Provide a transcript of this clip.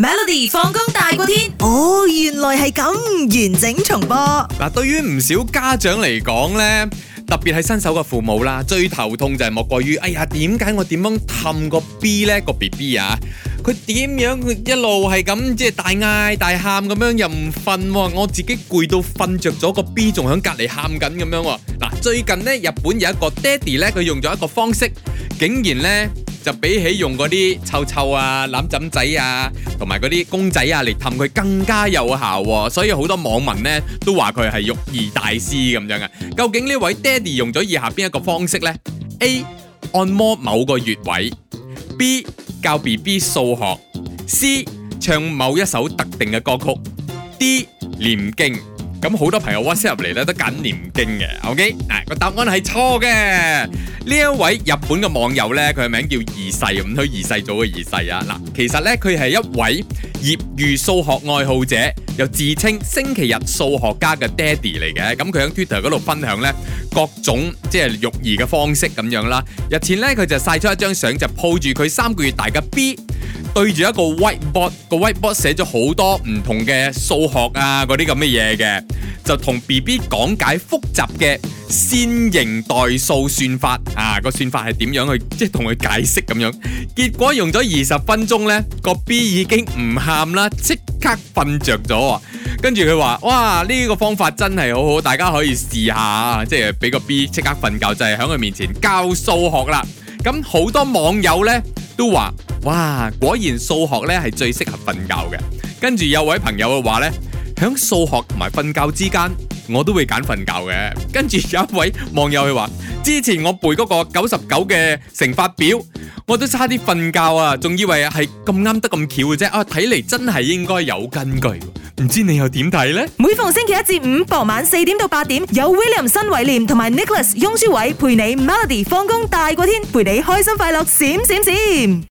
Melody 放工大過天，哦，oh，原來係咁，完整重播。嗱，對於唔少家長嚟講咧，特別係新手嘅父母啦，最頭痛就係莫過於，哎呀，點解我點樣氹個 B 咧個 B B 啊？佢點樣一路係咁，即係大嗌大喊咁樣又唔瞓，我自己攰到瞓着咗個 B，仲喺隔離喊緊咁樣。嗱、啊，最近咧，日本有一個爹哋咧，佢用咗一個方式，竟然咧。就比起用嗰啲臭臭啊、攬枕仔啊，同埋嗰啲公仔啊嚟氹佢更加有效、啊、所以好多網民呢都話佢係育兒大師咁樣噶。究竟呢位爹哋用咗以下邊一個方式呢？A. 按摩某個穴位，B. 教 B B 數學，C. 唱某一首特定嘅歌曲，D. 唸經。咁好多朋友 WhatsApp 入嚟咧，都揀念經嘅，OK？啊，個答案係錯嘅。呢一位日本嘅網友呢，佢嘅名叫二世，唔通二世祖嘅二世啊？嗱，其實呢，佢係一位業餘數學愛好者，又自稱星期日數學家嘅爹地嚟嘅。咁佢喺 Twitter 嗰度分享呢各種即係育兒嘅方式咁樣啦。日前呢，佢就晒出一張相，就抱住佢三個月大嘅 B，對住一個 whiteboard，個 whiteboard 寫咗好多唔同嘅數學啊嗰啲咁嘅嘢嘅。就同 B B 講解複雜嘅線性代數算法啊，個算法係點樣去，即係同佢解釋咁樣。結果用咗二十分鐘，呢個 B 已經唔喊啦，即刻瞓着咗啊！跟住佢話：，哇，呢個方法真係好好，大家可以試下。即係俾個 B 即刻瞓覺，就係喺佢面前教數學啦。咁好多網友呢都話：，哇，果然數學呢係最適合瞓覺嘅。跟住有位朋友嘅話咧。喺數學同埋瞓覺之間，我都會揀瞓覺嘅。跟住有一位網友佢話，之前我背嗰個九十九嘅乘法表，我都差啲瞓覺啊，仲以為係咁啱得咁巧嘅啫。啊，睇嚟真係應該有根據，唔知你又點睇呢？每逢星期一至五傍晚四點到八點，有 William 新偉廉同埋 Nicholas 雍舒偉陪你 Melody 放工大過天，陪你開心快樂閃閃閃。閃閃閃